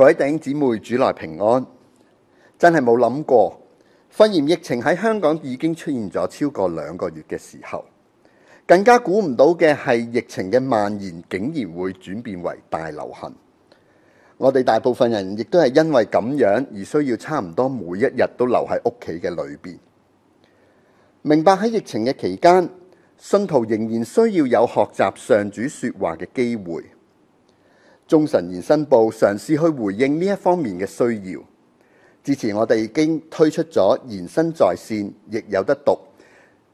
各位弟兄姊妹主內平安，真係冇諗過，肺炎疫情喺香港已經出現咗超過兩個月嘅時候，更加估唔到嘅係疫情嘅蔓延竟然會轉變為大流行。我哋大部分人亦都係因為咁樣而需要差唔多每一日都留喺屋企嘅裏邊。明白喺疫情嘅期間，信徒仍然需要有學習上主說話嘅機會。《中神延伸部》嘗試去回應呢一方面嘅需要。之前我哋已經推出咗延伸在線，亦有得讀。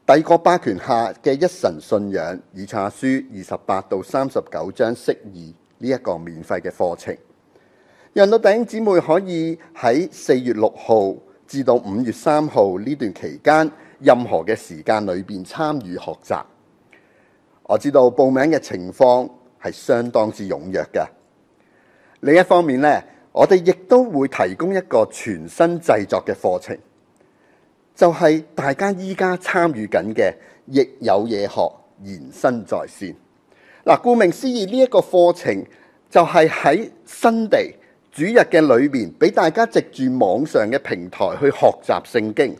帝國霸權下嘅一神信仰，以賽亞書二十八到三十九章。適宜呢一、這個免費嘅課程，讓到弟兄姊妹可以喺四月六號至到五月三號呢段期間，任何嘅時間裏邊參與學習。我知道報名嘅情況係相當之踴躍嘅。另一方面咧，我哋亦都會提供一個全新製作嘅課程，就係、是、大家依家參與緊嘅《疫有嘢學延伸在線》。嗱，顧名思義，呢、這、一個課程就係喺新地主日嘅裏面，俾大家藉住網上嘅平台去學習聖經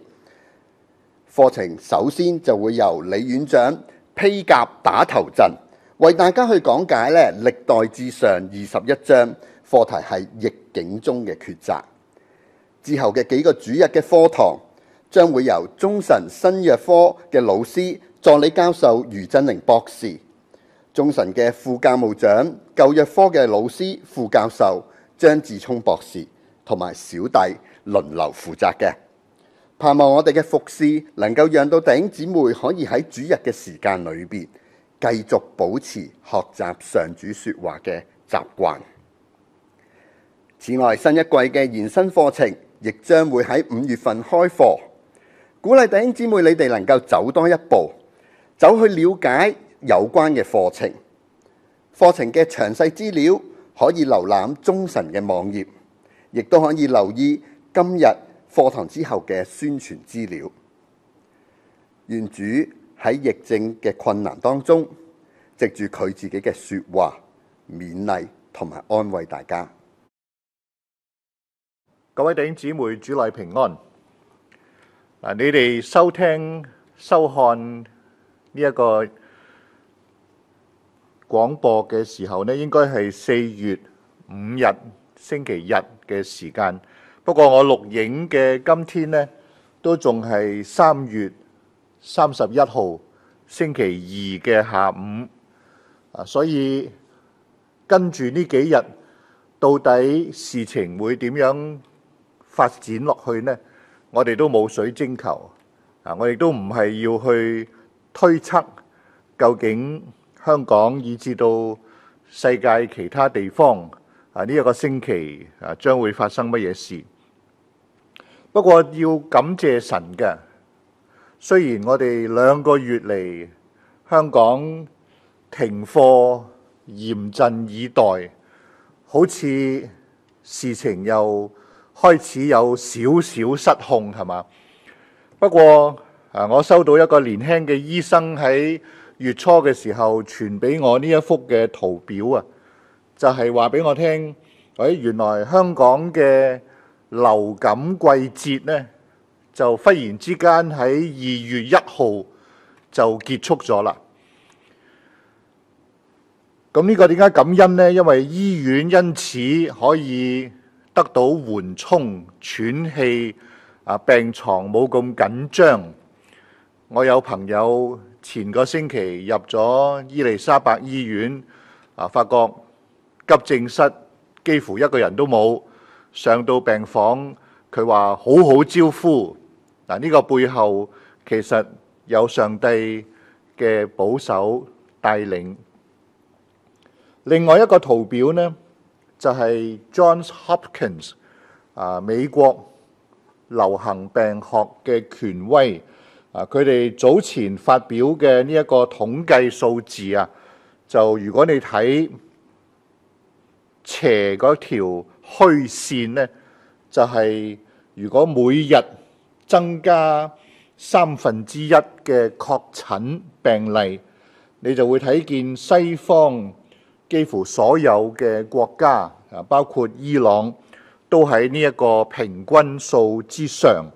課程。首先就會由李院長披甲打頭陣。為大家去講解咧，歷代志上二十一章，課題係逆境中嘅抉擇。之後嘅幾個主日嘅課堂，將會由中神新約科嘅老師、助理教授余振寧博士、中神嘅副教務長舊約科嘅老師、副教授張智聰博士同埋小弟輪流負責嘅。盼望我哋嘅服侍能夠讓到弟兄姊妹可以喺主日嘅時間裏邊繼續保持學習上主説話嘅習慣。此外，新一季嘅延伸課程亦將會喺五月份開課，鼓勵弟兄姊妹你哋能夠走多一步，走去了解有關嘅課程。課程嘅詳細資料可以瀏覽中神嘅網頁，亦都可以留意今日課堂之後嘅宣傳資料。願主喺疫症嘅困難當中，藉住佢自己嘅説話勉勵同埋安慰大家。各位弟兄姊妹，主內平安。嗱，你哋收聽、收看呢一個廣播嘅時候咧，應該係四月五日星期日嘅時間。不過我錄影嘅今天呢，都仲係三月。三十一號星期二嘅下午，啊，所以跟住呢幾日到底事情會點樣發展落去呢？我哋都冇水晶球，啊，我哋都唔係要去推測究竟香港以至到世界其他地方啊呢一個星期啊將會發生乜嘢事。不過要感謝神嘅。雖然我哋兩個月嚟香港停課，嚴陣以待，好似事情又開始有少少失控係嘛？不過啊，我收到一個年輕嘅醫生喺月初嘅時候傳俾我呢一幅嘅圖表啊，就係話俾我聽，原來香港嘅流感季節呢。就忽然之間喺二月一號就結束咗啦。咁呢個點解感恩呢？因為醫院因此可以得到緩衝、喘氣，啊病床冇咁緊張。我有朋友前個星期入咗伊利沙伯醫院，啊發覺急症室幾乎一個人都冇，上到病房佢話好好招呼。嗱，呢個背後其實有上帝嘅保守帶領。另外一個圖表咧，就係 Johns Hopkins 啊，美國流行病學嘅權威啊，佢哋早前發表嘅呢一個統計數字啊，就如果你睇斜嗰條虛線咧，就係如果每日增加三分之一嘅確診病例，你就會睇見西方幾乎所有嘅國家啊，包括伊朗都喺呢一個平均數之上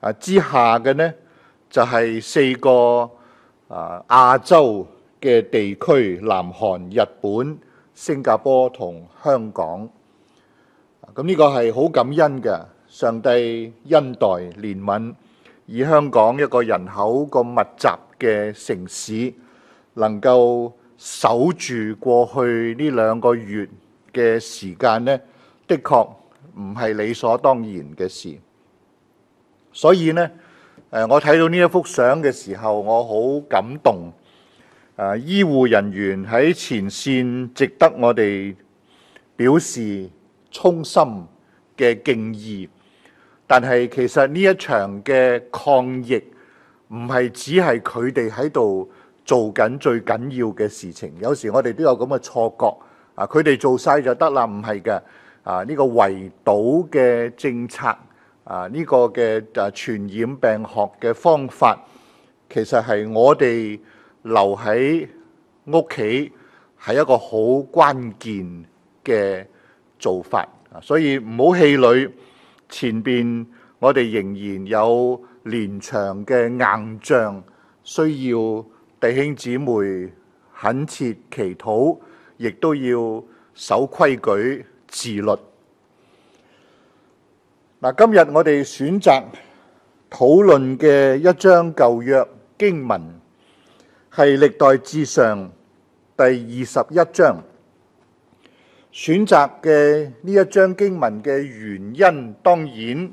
啊，之下嘅呢，就係四個啊亞洲嘅地區：南韓、日本、新加坡同香港。咁呢個係好感恩嘅。上帝恩待憐憫，以香港一個人口咁密集嘅城市，能夠守住過去呢兩個月嘅時間呢，的確唔係理所當然嘅事。所以呢，誒我睇到呢一幅相嘅時候，我好感動。誒，醫護人員喺前線，值得我哋表示衷心嘅敬意。但係其實呢一場嘅抗疫唔係只係佢哋喺度做緊最緊要嘅事情，有時我哋都有咁嘅錯覺啊！佢哋做晒就得啦，唔係嘅啊！呢個圍堵嘅政策啊，呢個嘅啊傳染病學嘅方法，其實係我哋留喺屋企係一個好關鍵嘅做法啊，所以唔好氣餒。前邊我哋仍然有連場嘅硬仗，需要弟兄姊妹懇切祈禱，亦都要守規矩、自律。嗱，今日我哋選擇討論嘅一章舊約經文，係歷代志上第二十一章。選擇嘅呢一章經文嘅原因，當然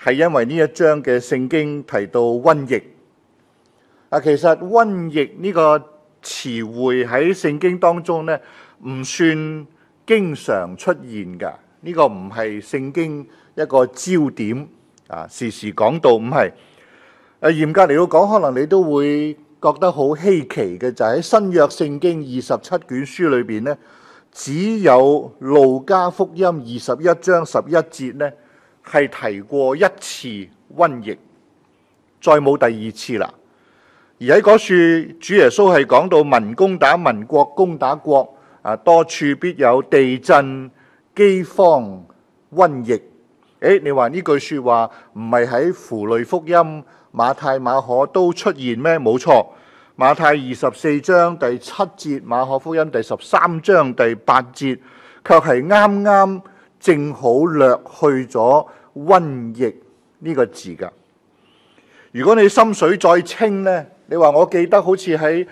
係因為呢一章嘅聖經提到瘟疫。啊，其實瘟疫呢個詞彙喺聖經當中呢，唔算經常出現㗎。呢、呢個唔係聖經一個焦點啊，時時講到唔係。誒，嚴格嚟到講，可能你都會覺得好稀奇嘅，就喺新約聖經二十七卷書裏邊呢。只有路加福音二十一章十一節咧，係提過一次瘟疫，再冇第二次啦。而喺嗰處，主耶穌係講到民攻打民，國攻打國，啊，多處必有地震、饑荒、瘟疫。誒，你話呢句說話唔係喺符類福音、馬太、馬可都出現咩？冇錯。馬太二十四章第七節，馬可福音第十三章第八節，卻係啱啱正好略去咗瘟疫呢個字㗎。如果你心水再清呢，你話我記得好似喺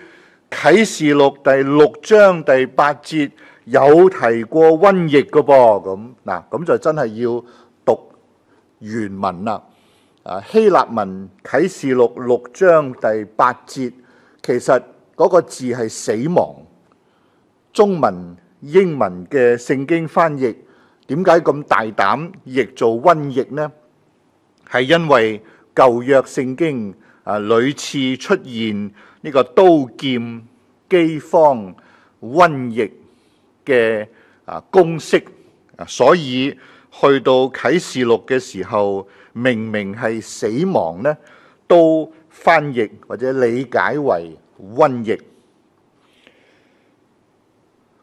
啟示錄第六章第八節有提過瘟疫嘅噃。咁嗱，咁就真係要讀原文啦。希臘文啟示錄六章第八節。其實嗰個字係死亡，中文、英文嘅聖經翻譯點解咁大膽譯做瘟疫呢？係因為舊約聖經啊屢次出現呢個刀劍、饑荒、瘟疫嘅啊公式，所以去到啟示錄嘅時候，明明係死亡呢，都。翻譯或者理解為瘟疫，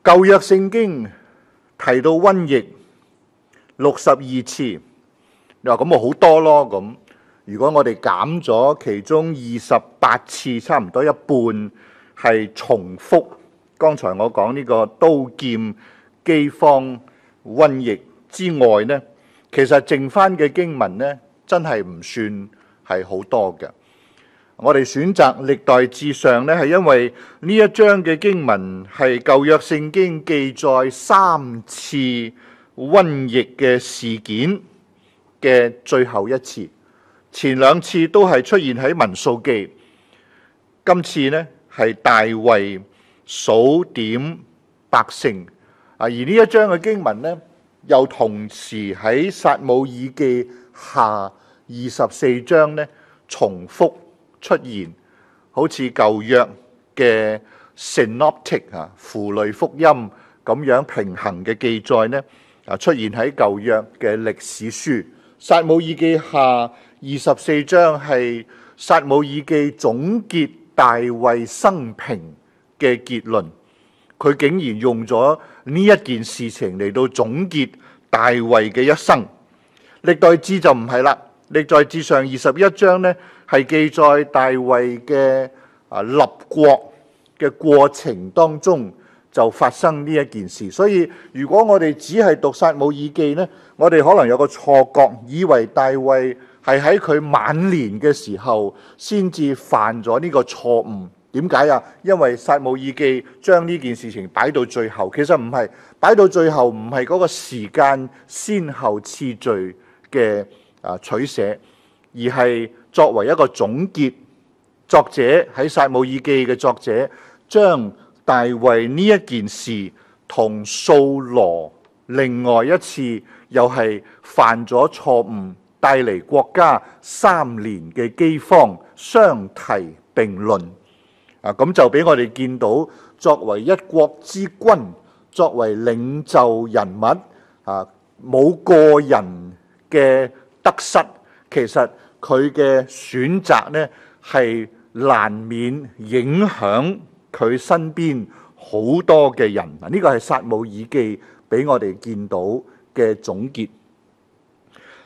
舊約聖經提到瘟疫六十二次，你話咁咪好多咯。咁如果我哋減咗其中二十八次，差唔多一半係重複。剛才我講呢個刀劍、饑荒、瘟疫之外呢，其實剩翻嘅經文呢，真係唔算係好多嘅。我哋選擇歷代至上咧，係因為呢一章嘅經文係舊約聖經記載三次瘟疫嘅事件嘅最後一次。前兩次都係出現喺民數記，今次呢係大衛數點百姓啊。而呢一章嘅經文呢，又同時喺撒母耳記下二十四章呢重複。出現好似舊約嘅 synoptic 啊，符類福音咁樣平衡嘅記載呢？啊，出現喺舊約嘅歷史書《撒母耳記下》二十四章係《撒母耳記》總結大衛生平嘅結論，佢竟然用咗呢一件事情嚟到總結大衛嘅一生。歷代就《歷代志》就唔係啦，《歷代志》上二十一章呢？係記載大衛嘅啊立國嘅過程當中就發生呢一件事，所以如果我哋只係讀撒母耳記呢，我哋可能有個錯覺，以為大衛係喺佢晚年嘅時候先至犯咗呢個錯誤。點解啊？因為撒母耳記將呢件事情擺到最後，其實唔係擺到最後，唔係嗰個時間先後次序嘅取捨。而係作為一個總結，作者喺《撒姆耳記》嘅作者將大衛呢一件事同掃羅另外一次又係犯咗錯誤，帶嚟國家三年嘅饑荒相提並論啊！咁就俾我哋見到，作為一國之君，作為領袖人物啊，冇個人嘅得失。其實佢嘅選擇呢，係難免影響佢身邊好多嘅人。呢、呢個係撒母耳記俾我哋見到嘅總結。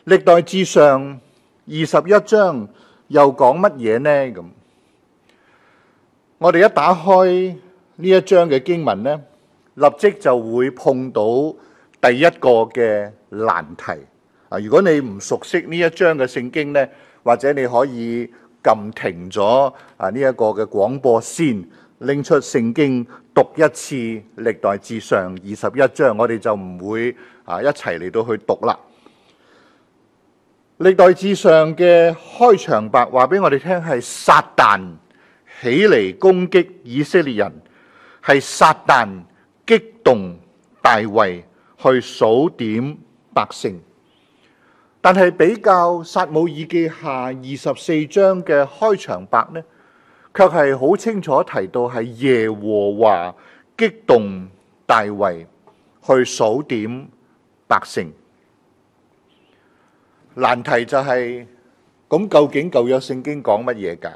歷代志上二十一章又講乜嘢呢？咁，我哋一打開呢一章嘅經文呢，立即就會碰到第一個嘅難題。如果你唔熟悉呢一章嘅聖經呢，或者你可以撳停咗啊呢一個嘅廣播先，拎出聖經讀一次《歷代志上》二十一章，我哋就唔會啊一齊嚟到去讀啦。《歷代志上》嘅開場白話俾我哋聽，係撒但起嚟攻擊以色列人，係撒旦激動大衛去數點百姓。但係比較《撒母耳記下》二十四章嘅開場白呢，卻係好清楚提到係耶和華激動大衛去數點百姓。難題就係，咁究竟舊約聖經講乜嘢㗎？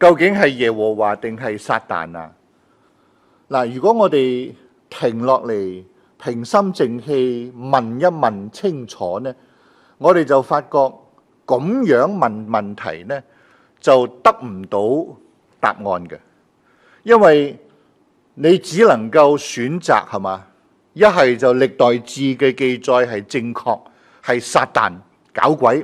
究竟係耶和華定係撒旦啊？嗱，如果我哋停落嚟，平心靜氣問一問清楚呢？我哋就發覺咁樣問問題呢，就得唔到答案嘅，因為你只能夠選擇係嘛？一係就歷代志嘅記載係正確，係撒但搞鬼；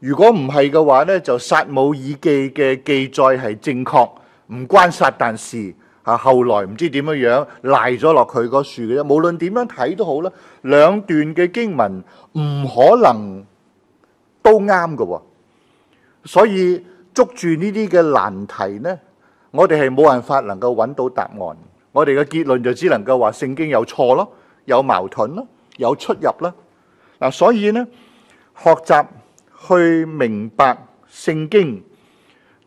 如果唔係嘅話呢，就撒母耳記嘅記載係正確，唔關撒但事。啊！後來唔知點樣樣賴咗落佢個樹嘅啫。無論點樣睇都好啦，兩段嘅經文唔可能都啱㗎喎。所以捉住呢啲嘅難題呢，我哋係冇辦法能夠揾到答案。我哋嘅結論就只能夠話聖經有錯咯，有矛盾咯，有出入啦。嗱，所以呢，學習去明白聖經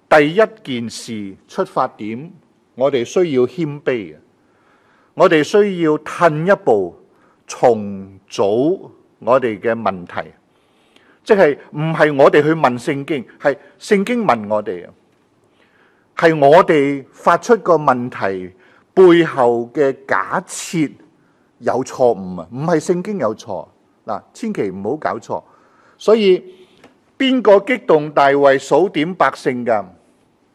第一件事出發點。我哋需要謙卑啊！我哋需要褪一步，重組我哋嘅問題，即係唔係我哋去問聖經，係聖經問我哋啊。係我哋發出個問題背後嘅假設有錯誤啊！唔係聖經有錯嗱，千祈唔好搞錯。所以邊個激動大衛數點百姓噶？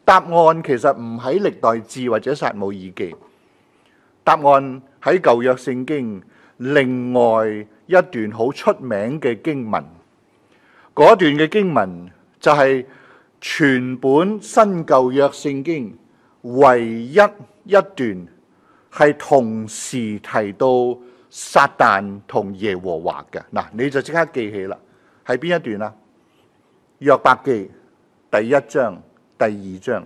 答案其實唔喺歷代志或者撒母耳記，答案喺舊約聖經另外一段好出名嘅經文。嗰段嘅經文就係全本新舊約聖經唯一一段係同時提到撒但同耶和華嘅。嗱，你就即刻記起啦，係邊一段啊？約伯記第一章。第二章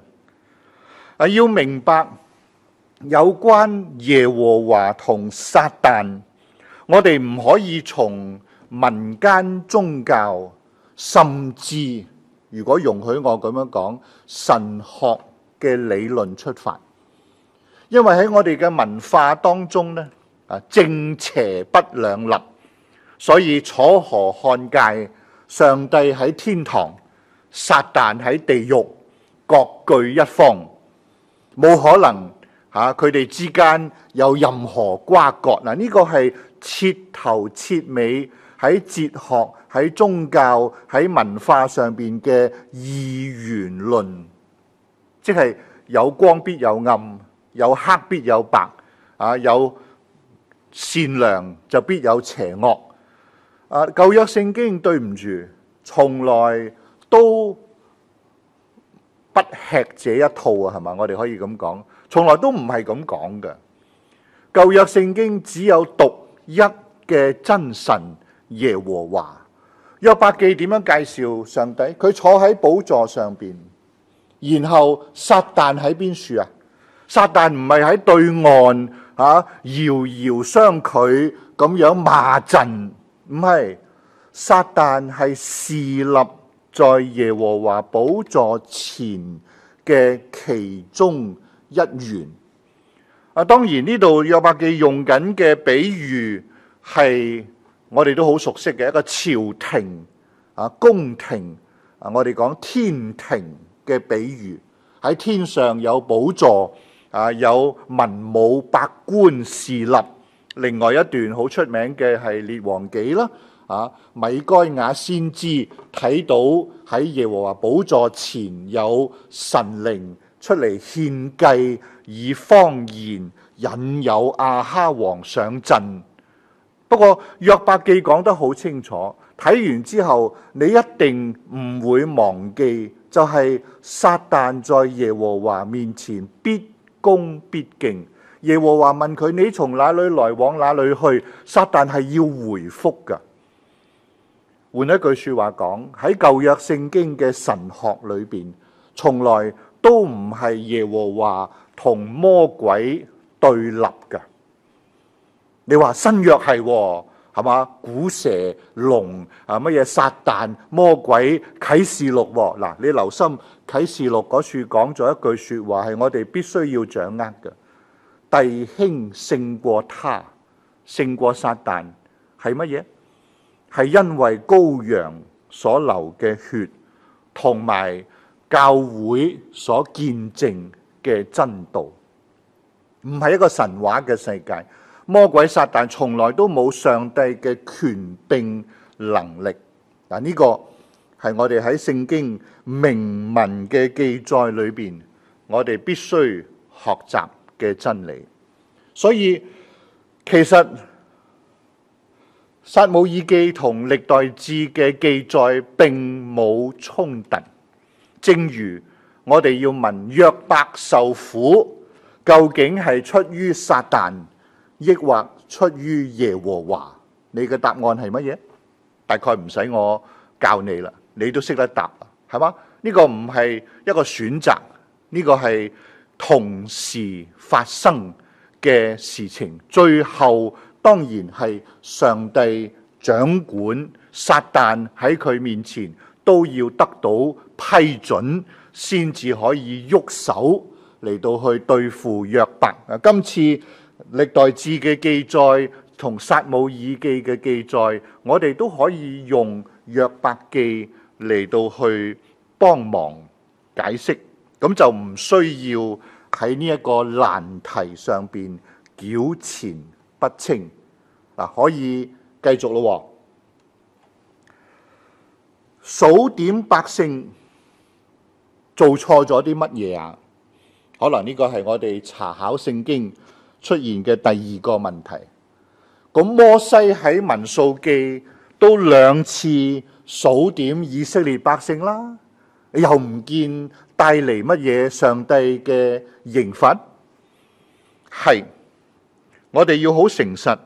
啊，要明白有關耶和華同撒旦，我哋唔可以從民間宗教，甚至如果容許我咁樣講，神學嘅理論出發，因為喺我哋嘅文化當中咧啊，正邪不兩立，所以楚河漢界，上帝喺天堂，撒旦喺地獄。各具一方，冇可能嚇佢哋之間有任何瓜葛。嗱，呢個係徹頭徹尾喺哲學、喺宗教、喺文化上邊嘅二元論，即係有光必有暗，有黑必有白，啊，有善良就必有邪惡。啊，舊約聖經對唔住，從來都。不吃這一套啊，係嘛？我哋可以咁講，從來都唔係咁講嘅。舊約聖經只有獨一嘅真神耶和華。約伯記點樣介紹上帝？佢坐喺寶座上面，然後撒旦喺邊處啊？撒旦唔係喺對岸嚇，遙、啊、遙相距咁樣罵陣，唔係。撒旦係侍立。在耶和華寶座前嘅其中一員啊，當然呢度約伯記用緊嘅比喻係我哋都好熟悉嘅一個朝廷啊，宮廷啊，我哋講天庭嘅比喻，喺天上有寶座啊，有文武百官侍立。另外一段好出名嘅係列王紀。啦啊！米該雅先知睇到喺耶和華寶座前有神靈出嚟獻計，以謊言引誘亞哈王上陣。不過約伯記講得好清楚，睇完之後你一定唔會忘記，就係撒旦在耶和華面前必恭必敬。耶和華問佢：你從哪裏來，往哪裏去？撒旦係要回覆㗎。換一句說話講，喺舊約聖經嘅神學裏面，從來都唔係耶和華同魔鬼對立嘅。你話新約係喎，係嘛？古蛇、龍啊，乜嘢撒但、魔鬼？啟示錄嗱、啊，你留心啟示錄嗰處講咗一句說話，係我哋必須要掌握嘅。弟兄勝過他，勝過撒但，係乜嘢？是什麼？係因為羔羊所流嘅血，同埋教會所見證嘅真道，唔係一個神話嘅世界。魔鬼撒但從來都冇上帝嘅權定能力。嗱，呢個係我哋喺聖經明文嘅記載裏邊，我哋必須學習嘅真理。所以其實。撒母耳記同歷代志嘅記載並冇衝突，正如我哋要問約伯受苦究竟係出於撒但，抑或出於耶和華？你嘅答案係乜嘢？大概唔使我教你啦，你都識得答啦，係嘛？呢個唔係一個選擇，呢個係同時發生嘅事情，最後。當然係上帝掌管，撒旦喺佢面前都要得到批准，先至可以喐手嚟到去對付約伯。啊，今次歷代志嘅記載同撒母耳記嘅記載，我哋都可以用約伯記嚟到去幫忙解釋，咁就唔需要喺呢一個難題上邊糾纏。不清嗱、啊，可以繼續咯、啊。數點百姓做錯咗啲乜嘢啊？可能呢個係我哋查考聖經出現嘅第二個問題。咁摩西喺民數記都兩次數點以色列百姓啦，又唔見帶嚟乜嘢上帝嘅刑罰，係。我哋要好誠實，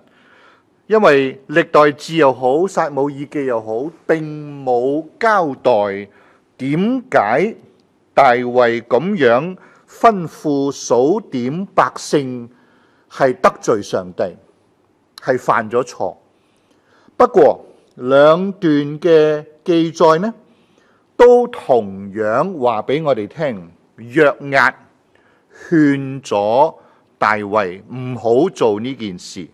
因為歷代志又好、撒母耳記又好，並冇交代點解大衛咁樣吩咐數點百姓係得罪上帝，係犯咗錯。不過兩段嘅記載呢，都同樣話俾我哋聽，約押勸咗大衛唔好做呢件事。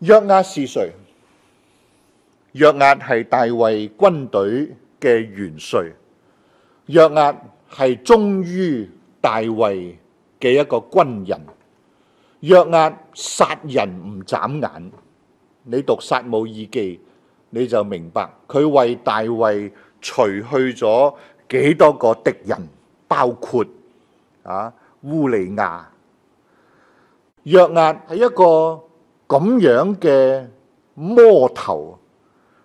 約押是誰？約押係大衛軍隊嘅元帥。約押係忠於大衛嘅一個軍人。約押殺人唔眨眼，你讀《撒母耳記》，你就明白佢為大衛除去咗幾多個敵人，包括啊。烏利亞。約押係一個咁樣嘅魔頭，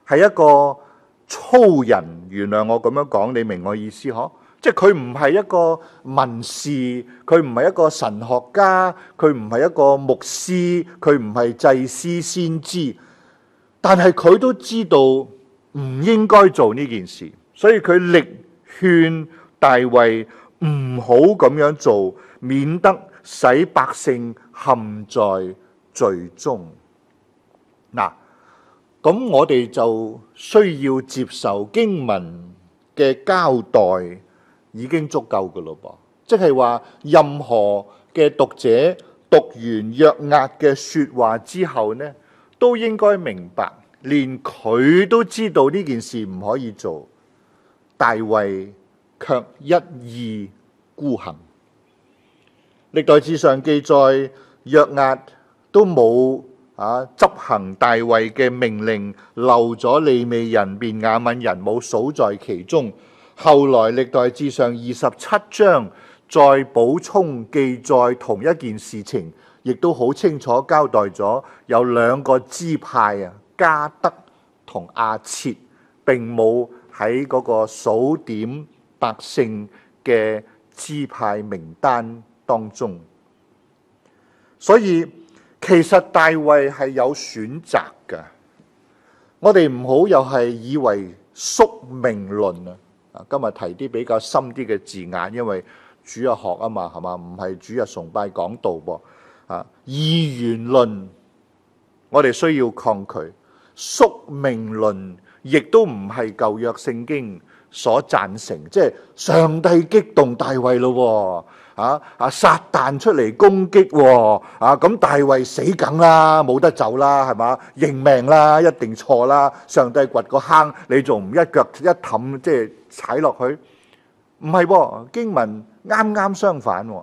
係一個粗人。原諒我咁樣講，你明我意思嗬，即係佢唔係一個文士，佢唔係一個神學家，佢唔係一個牧師，佢唔係祭司先知。但係佢都知道唔應該做呢件事，所以佢力勸大衛唔好咁樣做。免得使百姓陷在罪中。嗱，咁我哋就需要接受經文嘅交代，已經足夠嘅咯噃。即係話，任何嘅讀者讀完約押嘅説話之後呢，都應該明白，連佢都知道呢件事唔可以做，大衛卻一意孤行。歷代志上記載，約押都冇啊執行大衛嘅命令，漏咗利未人、便雅憫人冇數在其中。後來歷代志上二十七章再補充記載同一件事情，亦都好清楚交代咗有兩個支派啊，迦得同亞設並冇喺嗰個數點百姓嘅支派名單。當中，所以其實大衛係有選擇嘅。我哋唔好又係以為宿命論啊！啊，今日提啲比較深啲嘅字眼，因為主日學啊嘛，係嘛唔係主日崇拜講道喎啊。二元論，我哋需要抗拒宿命論，亦都唔係舊約聖經所贊成，即係上帝激動大衛咯。啊！啊，撒旦出嚟攻擊喎、啊！啊，咁、啊啊、大衛死梗啦，冇得走啦，係嘛？認命啦，一定錯啦。上帝掘個坑，你仲唔一腳一氹即係踩落去？唔係、啊、經文啱啱相反、啊。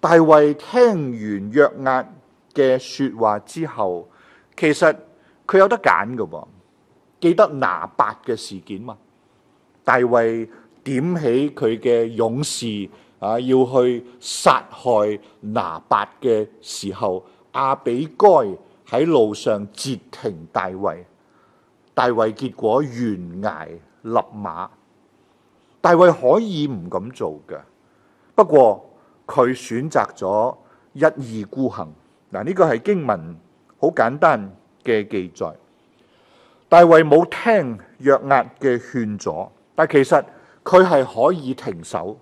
大衛聽完約押嘅説話之後，其實佢有得揀㗎喎。記得拿八嘅事件嘛？大衛點起佢嘅勇士。啊！要去殺害拿八嘅時候，亞比該喺路上截停大衛。大衛結果懸崖勒馬。大衛可以唔咁做嘅，不過佢選擇咗一意孤行。嗱，呢個係經文好簡單嘅記載。大衛冇聽約押嘅勸阻，但其實佢係可以停手。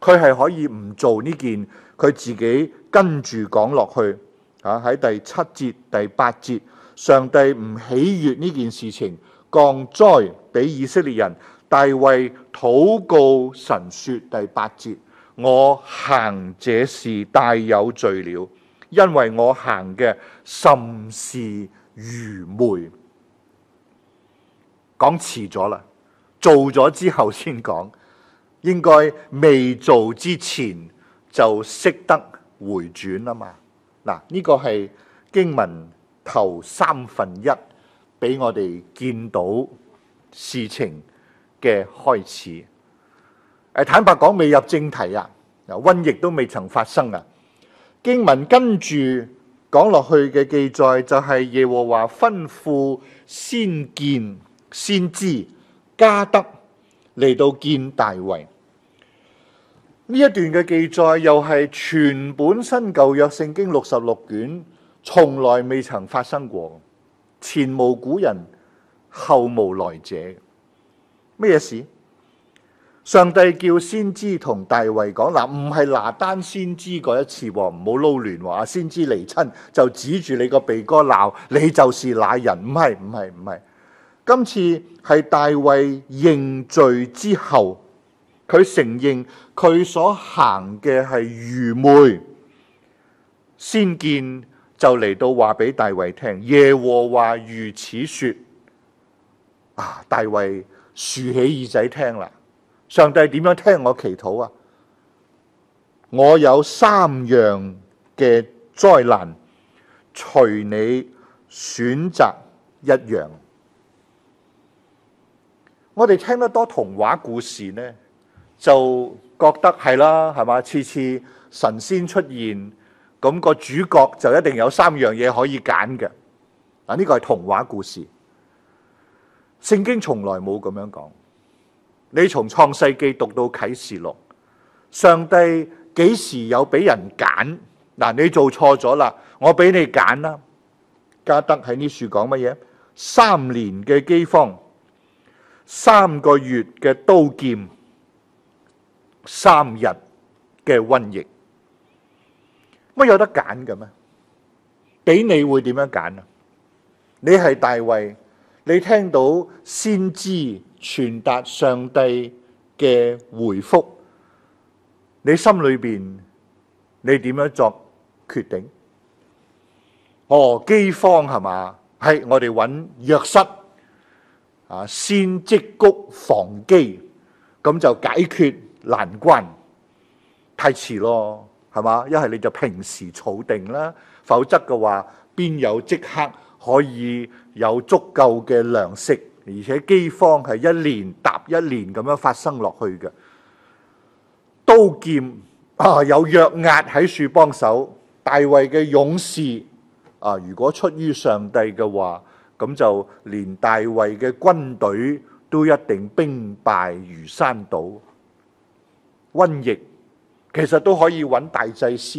佢係可以唔做呢件，佢自己跟住講落去啊！喺第七節、第八節，上帝唔喜悅呢件事情，降災俾以色列人。大衛禱告神說：第八節，我行這事大有罪了，因為我行嘅甚是愚昧。講遲咗啦，做咗之後先講。應該未做之前就識得回轉啊嘛！嗱，呢個係經文頭三分一，俾我哋見到事情嘅開始。誒，坦白講未入正題啊！瘟疫都未曾發生啊！經文跟住講落去嘅記載就係耶和華吩咐先見先知加得嚟到見大衛。呢一段嘅記載又係全本新舊約聖經六十六卷從來未曾發生過，前無古人後無來者。咩嘢事？上帝叫先知同大衛講嗱，唔係拿單先知過一次，唔好撈亂喎。先知嚟親就指住你個鼻哥鬧，你就是那人。唔係唔係唔係，今次係大衛認罪之後。佢承認佢所行嘅係愚昧、先見，就嚟到話俾大衛聽。耶和華如此說：啊，大衛豎起耳仔聽啦！上帝點樣聽我祈禱啊？我有三樣嘅災難，隨你選擇一樣。我哋聽得多童話故事呢？就覺得係啦，係嘛？次次神仙出現，咁個主角就一定有三樣嘢可以揀嘅嗱。呢個係童話故事，聖經從來冇咁樣講。你從創世記讀到啟示錄，上帝幾時有俾人揀嗱？你做錯咗啦，我俾你揀啦。加德喺呢處講乜嘢？三年嘅饑荒，三個月嘅刀劍。三日嘅瘟疫，乜有得揀嘅咩？俾你會點樣揀啊？你係大衛，你聽到先知傳達上帝嘅回覆，你心裏邊你點樣作決定？哦，饑荒係嘛？係，我哋揾藥室啊，先積穀防饑，咁就解決。難關太遲咯，係嘛？一係你就平時儲定啦，否則嘅話邊有即刻可以有足夠嘅糧食，而且饑荒係一年疊一年咁樣發生落去嘅。刀劍啊，有約押喺處幫手，大衛嘅勇士啊，如果出於上帝嘅話，咁就連大衛嘅軍隊都一定兵敗如山倒。瘟疫其實都可以揾大祭司，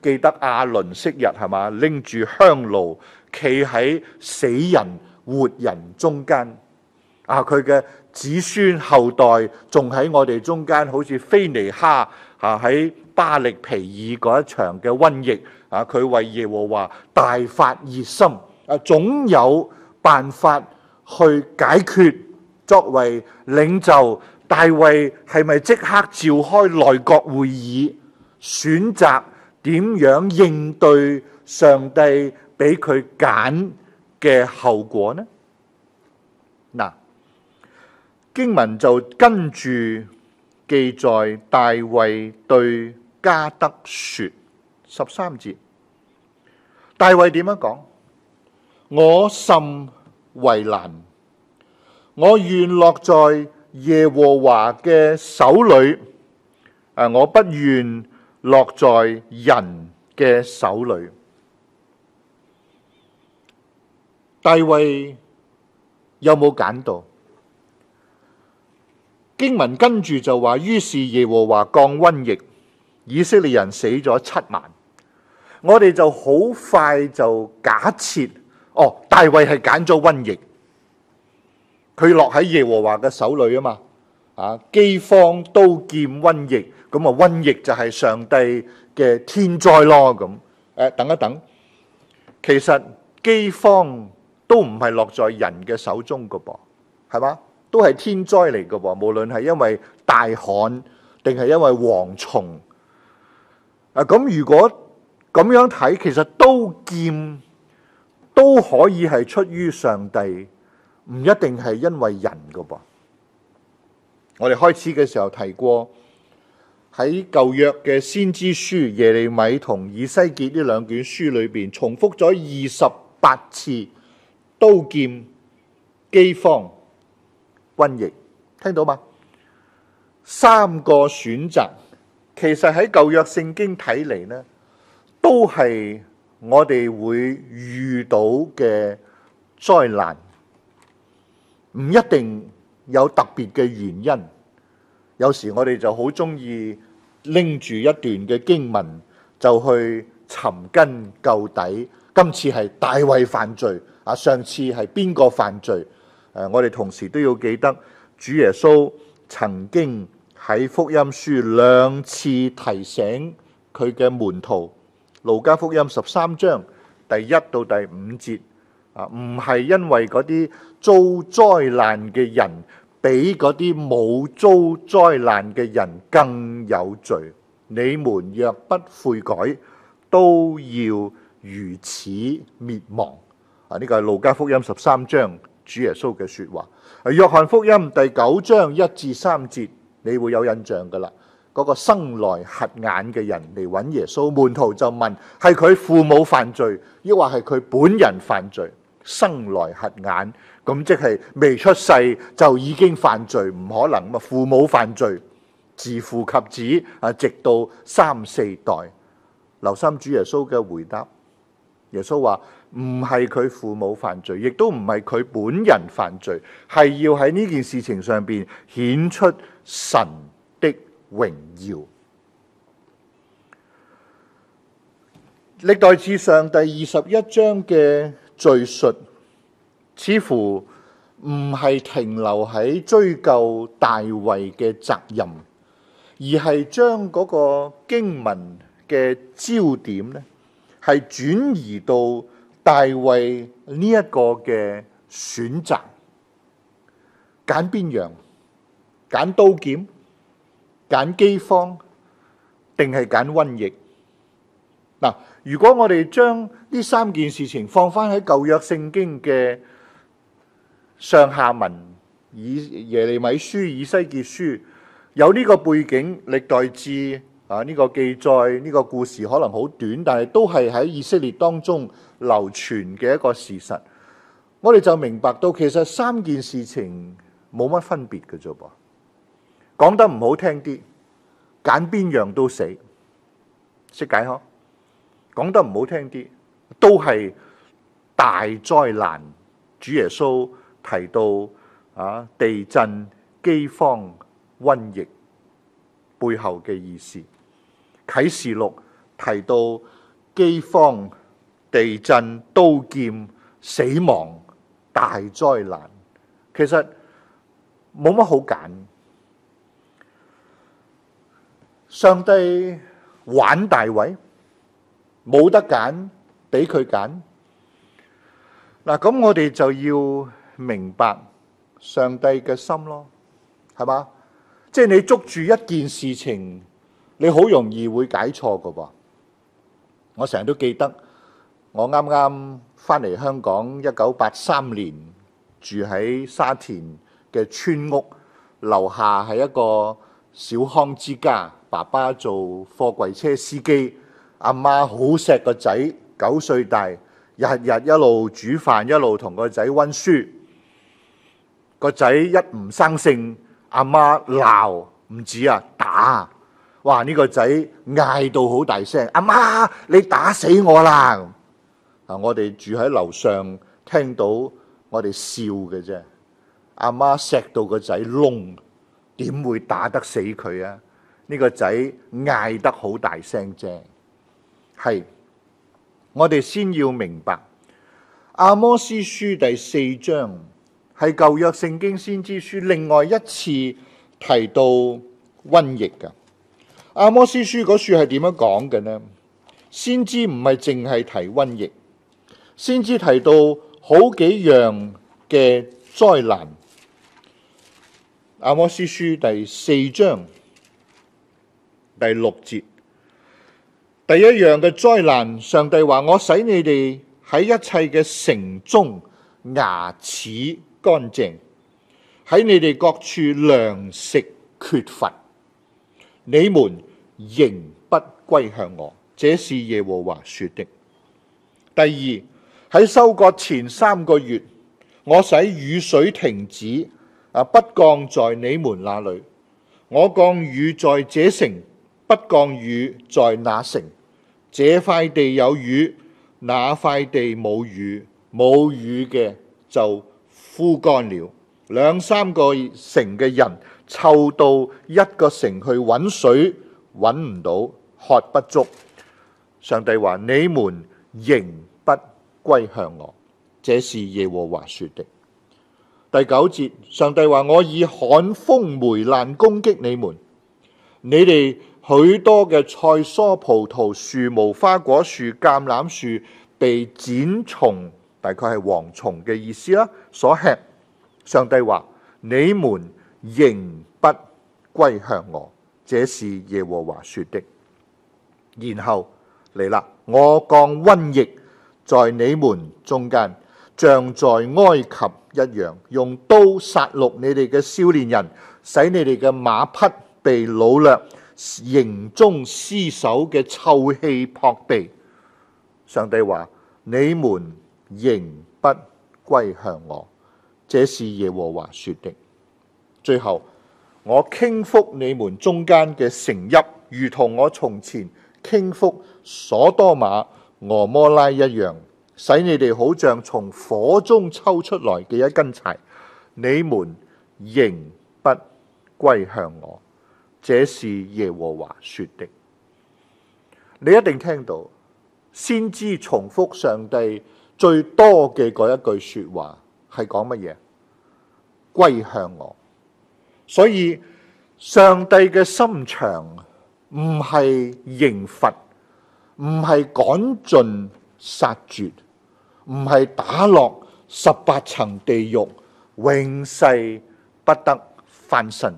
記得亞倫昔日係嘛？拎住香爐，企喺死人活人中間。啊，佢嘅子孫後代仲喺我哋中間，好似非尼哈啊喺巴力皮爾嗰一場嘅瘟疫啊，佢為耶和華大發熱心啊，總有辦法去解決。作為領袖。大衛係咪即刻召開內閣會議，選擇點樣應對上帝俾佢揀嘅後果呢？嗱，經文就跟住記載，大衛對加德說十三節。大衛點樣講？我甚為難，我願落在。耶和華嘅手裏，誒，我不願落在人嘅手裏。大衛有冇揀到？經文跟住就話，於是耶和華降瘟疫，以色列人死咗七萬。我哋就好快就假設，哦，大衛係揀咗瘟疫。佢落喺耶和華嘅手裏啊嘛，啊饑荒、刀劍、瘟疫，咁啊瘟疫就係上帝嘅天災咯咁。誒，等一等，其實饑荒都唔係落在人嘅手中噶噃，係嘛？都係天災嚟噶噃，無論係因為大旱，定係因為蝗蟲。啊，咁如果咁樣睇，其實刀劍都可以係出於上帝。唔一定係因為人噶噃。我哋開始嘅時候提過喺舊約嘅先知書耶利米同以西結呢兩卷書裏邊重複咗二十八次刀劍、飢荒、瘟疫，聽到嘛？三個選擇，其實喺舊約聖經睇嚟呢，都係我哋會遇到嘅災難。唔一定有特別嘅原因，有時我哋就好中意拎住一段嘅經文就去尋根究底。今次係大衛犯罪，啊，上次係邊個犯罪？我哋同時都要記得主耶穌曾經喺福音書兩次提醒佢嘅門徒。路加福音十三章第一到第五節。啊！唔係因為嗰啲遭災難嘅人比嗰啲冇遭災難嘅人更有罪。你們若不悔改，都要如此滅亡。啊！呢個係路加福音十三章主耶穌嘅說話。啊，約翰福音第九章一至三節，你會有印象㗎啦。嗰個生來瞎眼嘅人嚟揾耶穌，門徒就問：係佢父母犯罪，抑或係佢本人犯罪？生來瞎眼，咁即係未出世就已經犯罪，唔可能。啊，父母犯罪，自父及子啊，直到三四代。留心主耶穌嘅回答，耶穌話唔係佢父母犯罪，亦都唔係佢本人犯罪，係要喺呢件事情上面顯出神的榮耀。歷代志上第二十一章嘅。敘述似乎唔係停留喺追究大衛嘅責任，而係將嗰個經文嘅焦點咧，係轉移到大衛呢一個嘅選擇，揀邊樣？揀刀劍？揀饑荒？定係揀瘟疫？嗱。如果我哋將呢三件事情放翻喺舊約聖經嘅上下文，以耶利米書、以西結書，有呢個背景，歷代志啊呢個記載、呢個故事可能好短，但係都係喺以色列當中流傳嘅一個事實。我哋就明白到其實三件事情冇乜分別嘅啫噃。講得唔好聽啲，揀邊樣都死。識解呵？講得唔好聽啲，都係大災難。主耶穌提到啊，地震、饑荒、瘟疫背後嘅意思。啟示錄提到饑荒、地震、刀劍、死亡、大災難。其實冇乜好揀，上帝玩大位。冇得揀，俾佢揀。嗱，咁我哋就要明白上帝嘅心咯，係嘛？即係你捉住一件事情，你好容易會解錯噶噃。我成日都記得，我啱啱翻嚟香港，一九八三年住喺沙田嘅村屋，樓下係一個小康之家，爸爸做貨櫃車司機。阿媽好錫個仔，九歲大，日日一路煮飯，一路同個仔溫書。個仔一唔生性，阿媽鬧唔止啊，打。哇！呢個仔嗌到好大聲，阿媽，你打死我啦！啊，我哋住喺樓上，聽到我哋笑嘅啫。阿媽錫到個仔窿，點會打得死佢啊？呢個仔嗌得好大聲啫。係，我哋先要明白《阿摩司書》第四章係舊約聖經先知書另外一次提到瘟疫嘅。《阿摩司書》嗰處係點樣講嘅呢？先知唔係淨係提瘟疫，先知提到好幾樣嘅災難。《阿摩司書》第四章第六節。第一樣嘅災難，上帝話：我使你哋喺一切嘅城中牙齒乾淨，喺你哋各處糧食缺乏，你們仍不歸向我，這是耶和華說的。第二，喺收割前三個月，我使雨水停止，啊，不降在你們那裏，我降雨在這城，不降雨在那城。這塊地有雨，那塊地冇雨，冇雨嘅就枯乾了。兩三個城嘅人湊到一個城去揾水，揾唔到，喝不足。上帝話：你們仍不歸向我，這是耶和華說的。第九節，上帝話：我以旱風、霉爛攻擊你們，你哋。許多嘅菜蔬、葡萄樹、無花果樹、橄欖樹被剪蟲，大概係蝗蟲嘅意思啦。所吃，上帝話：你們仍不歸向我，這是耶和華說的。然後嚟啦，我降瘟疫在你們中間，像在埃及一樣，用刀殺戮你哋嘅少年人，使你哋嘅馬匹被擄掠。營中屍首嘅臭氣撲鼻，上帝話：你們仍不歸向我，這是耶和華說的。最後，我傾覆你們中間嘅城邑，如同我從前傾覆所多瑪、俄摩拉一樣，使你哋好像從火中抽出來嘅一根柴。你們仍不歸向我。這是耶和華說的，你一定聽到，先知重複上帝最多嘅嗰一句説話係講乜嘢？歸向我，所以上帝嘅心腸唔係刑罰，唔係趕盡殺絕，唔係打落十八層地獄，永世不得翻身。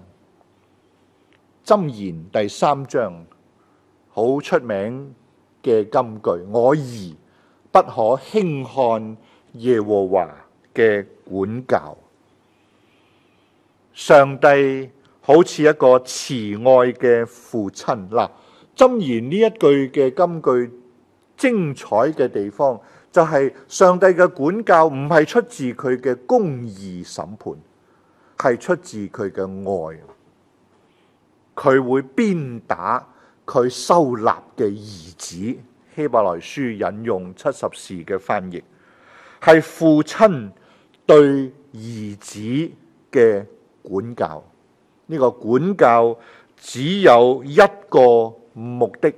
箴言第三章好出名嘅金句，我兒不可輕看耶和華嘅管教。上帝好似一個慈愛嘅父親。嗱，箴言呢一句嘅金句精彩嘅地方，就係上帝嘅管教唔係出自佢嘅公義審判，係出自佢嘅愛。佢會鞭打佢收納嘅兒子？希伯來書引用七十士嘅翻譯係父親對兒子嘅管教。呢、這個管教只有一個目的，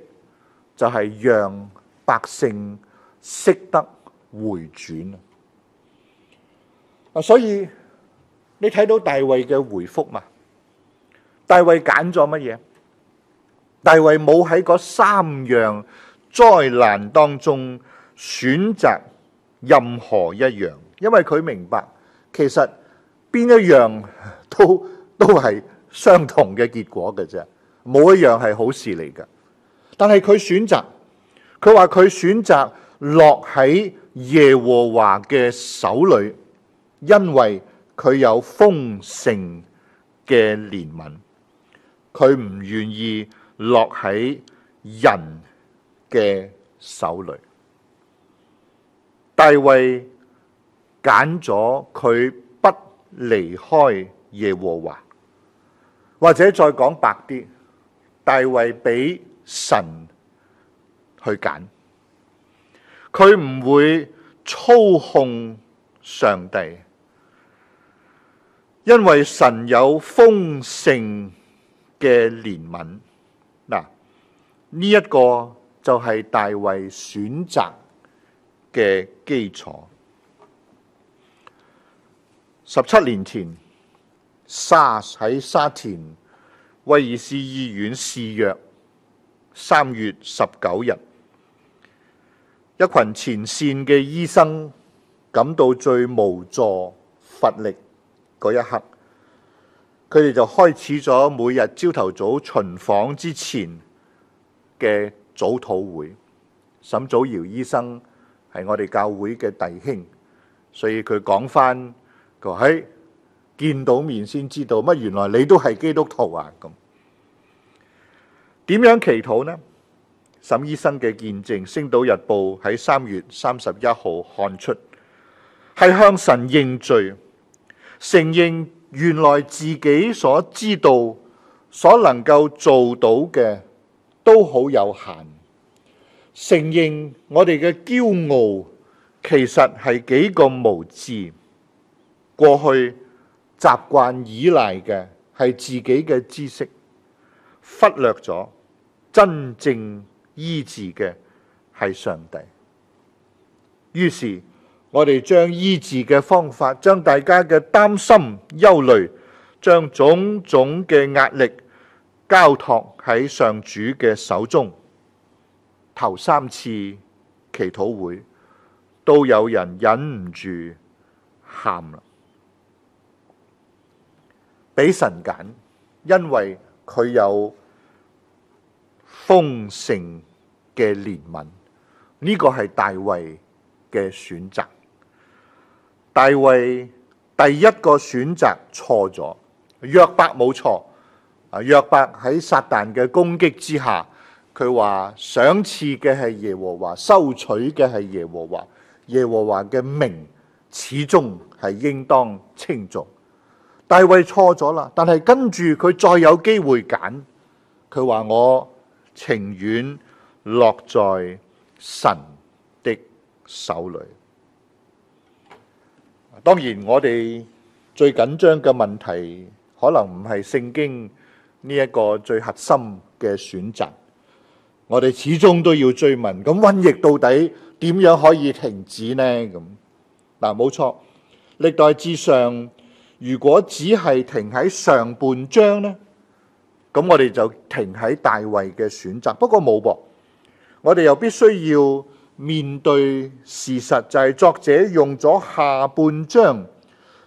就係、是、讓百姓識得回轉。所以你睇到大衛嘅回覆嘛？大衛揀咗乜嘢？大衛冇喺嗰三樣災難當中選擇任何一樣，因為佢明白其實邊一樣都都係相同嘅結果嘅啫，冇一樣係好事嚟噶。但係佢選擇，佢話佢選擇落喺耶和華嘅手裏，因為佢有豐盛嘅憐憫。佢唔願意落喺人嘅手裏，大衛揀咗佢不離開耶和華，或者再講白啲，大衛俾神去揀，佢唔會操控上帝，因為神有豐盛。嘅憐憫，嗱，呢一個就係大衛選擇嘅基礎。十七年前，SARS 喺沙田威爾士醫院肆虐，三月十九日，一群前線嘅醫生感到最無助、乏力嗰一刻。佢哋就開始咗每日朝頭早巡訪之前嘅早討會。沈祖堯醫生係我哋教會嘅弟兄，所以佢講返：佢話嘿，見到面先知道乜，原來你都係基督徒啊！咁點樣祈禱呢？沈醫生嘅見證，《星島日報》喺三月三十一號刊出，係向神認罪、承認。原來自己所知道、所能夠做到嘅都好有限。承認我哋嘅驕傲其實係幾個無知。過去習慣依賴嘅係自己嘅知識，忽略咗真正醫治嘅係上帝。於是，我哋將醫治嘅方法，將大家嘅擔心、憂慮，將種種嘅壓力，交托喺上主嘅手中。頭三次祈禱會都有人忍唔住喊啦，俾神揀，因為佢有豐盛嘅憐憫，呢個係大衛嘅選擇。大衛第一個選擇錯咗，約伯冇錯。啊，約伯喺撒但嘅攻擊之下，佢話賞賜嘅係耶和華，收取嘅係耶和華。耶和華嘅名始終係應當稱頌。大衛錯咗啦，但係跟住佢再有機會揀，佢話我情願落在神的手裏。當然，我哋最緊張嘅問題，可能唔係聖經呢一個最核心嘅選擇。我哋始終都要追問：咁瘟疫到底點樣可以停止呢？咁嗱，冇錯，歷代志上，如果只係停喺上半章呢，咁我哋就停喺大衛嘅選擇。不過冇噃，我哋又必須要。面對事實就係作者用咗下半章，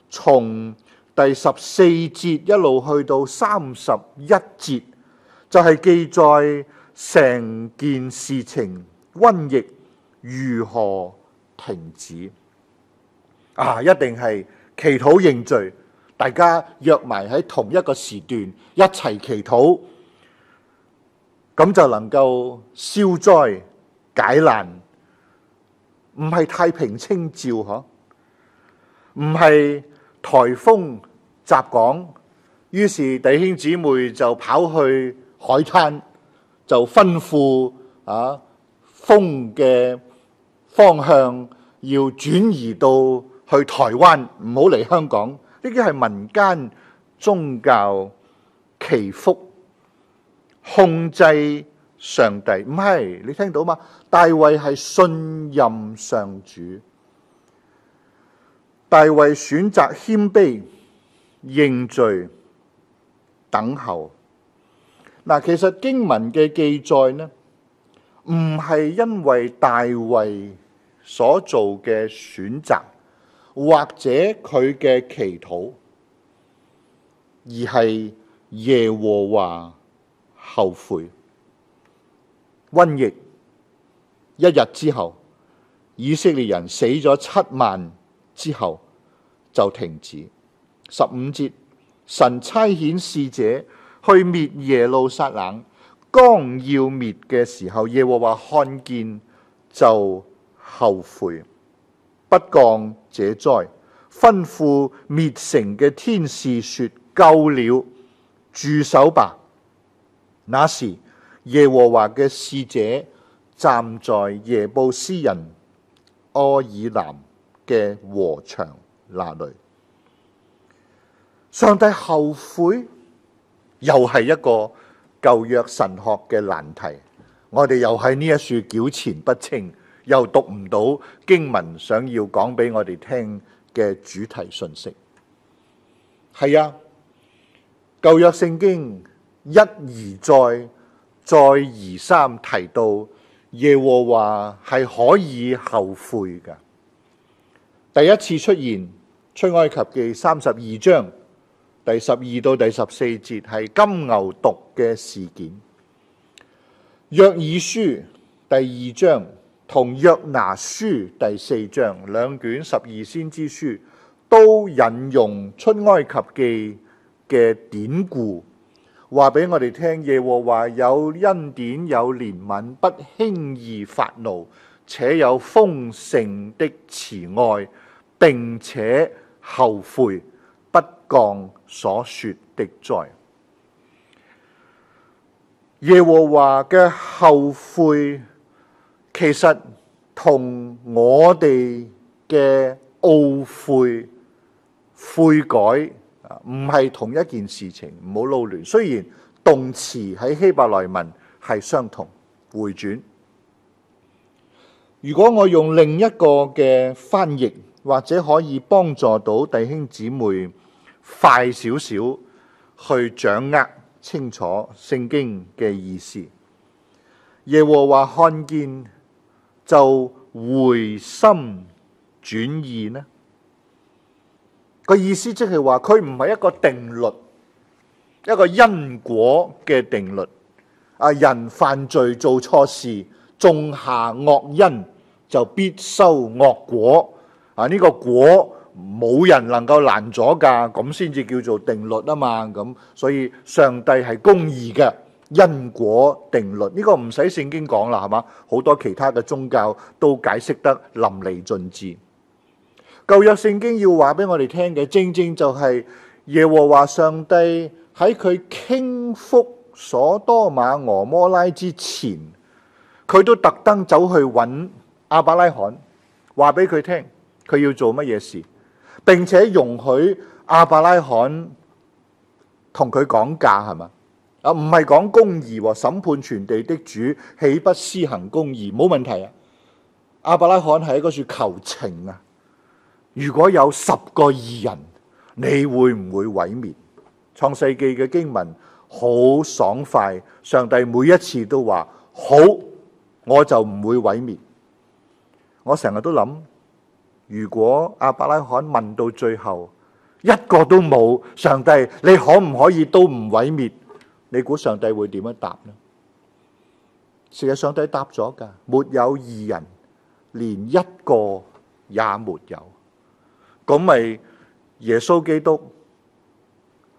從第十四節一路去到三十一節，就係記載成件事情瘟疫如何停止。啊，一定係祈禱認罪，大家約埋喺同一個時段一齊祈禱，咁就能夠消災解難。唔係太平清醮嗬，唔係颱風襲港，於是弟兄姊妹就跑去海灘，就吩咐啊風嘅方向要轉移到去台灣，唔好嚟香港。呢啲係民間宗教祈福控制。上帝唔係你聽到嘛？大衛係信任上主，大衛選擇謙卑、認罪、等候。嗱，其實經文嘅記載呢，唔係因為大衛所做嘅選擇或者佢嘅祈禱，而係耶和華後悔。瘟疫一日之後，以色列人死咗七萬之後就停止。十五節，神差遣使者去滅耶路撒冷，剛要滅嘅時候，耶和華看見就後悔，不降這災，吩咐滅城嘅天使說：夠了，住手吧。那時。耶和華嘅使者站在耶布斯人阿珥楠嘅禾場那裏，上帝後悔，又係一個舊約神學嘅難題。我哋又喺呢一處糾纏不清，又讀唔到經文，想要講俾我哋聽嘅主題信息。係啊，舊約聖經一而再。再而三提到耶和華係可以後悔嘅。第一次出現《出埃及記》三十二章第十二到第十四節，係金牛犢嘅事件，《約珥書》第二章同《約拿書》第四章兩卷十二先知書都引用《出埃及記》嘅典故。話俾我哋聽，耶和華有恩典，有憐憫，不輕易發怒，且有豐盛的慈愛，並且後悔不降所說的災。耶和華嘅後悔，其實同我哋嘅懊悔、悔改，唔係同一件事情，唔好露亂。雖然動詞喺希伯來文係相同，回轉。如果我用另一個嘅翻譯，或者可以幫助到弟兄姊妹快少少去掌握清楚聖經嘅意思。耶和華看見就回心轉意呢？個意思即係話，佢唔係一個定律，一個因果嘅定律。啊，人犯罪做錯事，種下惡因，就必收惡果。啊，呢個果冇人能夠攔阻㗎，咁先至叫做定律啊嘛。咁所以上帝係公義嘅因果定律，呢個唔使聖經講啦，係嘛？好多其他嘅宗教都解釋得淋漓盡致。舊約聖經要話俾我哋聽嘅，正正就係耶和華上帝喺佢傾覆所多瑪俄摩拉之前，佢都特登走去搵亞伯拉罕，話俾佢聽佢要做乜嘢事，並且容許亞伯拉罕同佢講價，係嘛啊？唔係講公義和，審判全地的主豈不施行公義？冇問題啊！亞伯拉罕係喺嗰處求情啊！如果有十個義人，你會唔會毀滅？創世記嘅經文好爽快，上帝每一次都話好，我就唔會毀滅。我成日都諗，如果亞伯拉罕問到最後一個都冇，上帝你可唔可以都唔毀滅？你估上帝會點樣答咧？事實上帝答咗噶，沒有義人，連一個也沒有。咁咪耶穌基督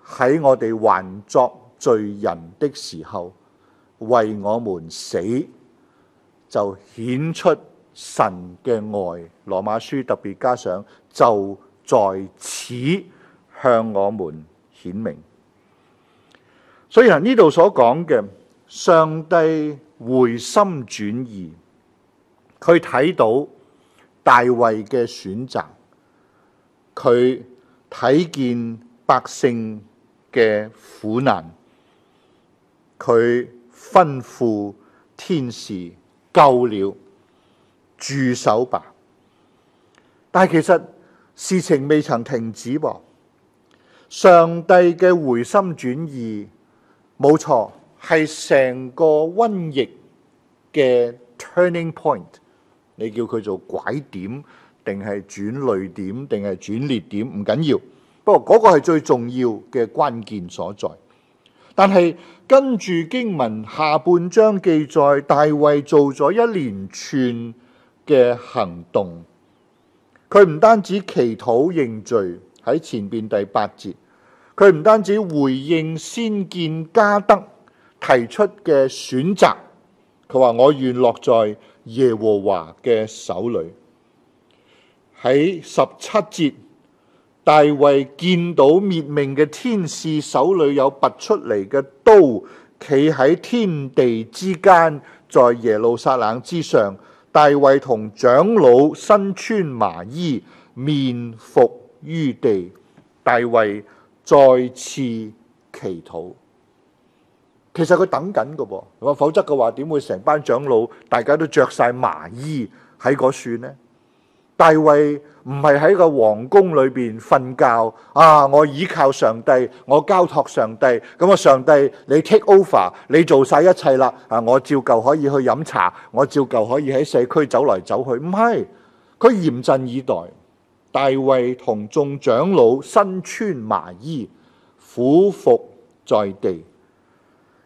喺我哋還作罪人的時候為我們死，就顯出神嘅愛。羅馬書特別加上，就在此向我們顯明。所以呢度所講嘅上帝回心轉意，佢睇到大衛嘅選擇。佢睇見百姓嘅苦難，佢吩咐天使夠了，住手吧。但係其實事情未曾停止喎。上帝嘅回心轉意，冇錯係成個瘟疫嘅 turning point，你叫佢做拐點。定係轉雷點，定係轉裂點，唔緊要。不過嗰個係最重要嘅關鍵所在。但係跟住經文下半章記載，大衛做咗一連串嘅行動。佢唔單止祈禱認罪，喺前邊第八節，佢唔單止回應先見迦得提出嘅選擇。佢話：我願落在耶和華嘅手裏。喺十七節，大衛見到滅命嘅天使手裏有拔出嚟嘅刀，企喺天地之間，在耶路撒冷之上。大衛同長老身穿麻衣，面伏於地。大衛再次祈禱。其實佢等緊噶噃，否則嘅話，點會成班長老大家都着晒麻衣喺嗰處呢？大衛唔係喺個皇宮裏邊瞓覺啊！我倚靠上帝，我交託上帝咁啊！上帝，你 take over，你做晒一切啦啊！我照舊可以去飲茶，我照舊可以喺社區走來走去。唔係佢嚴陣以待，大衛同眾長老身穿麻衣，俯伏在地。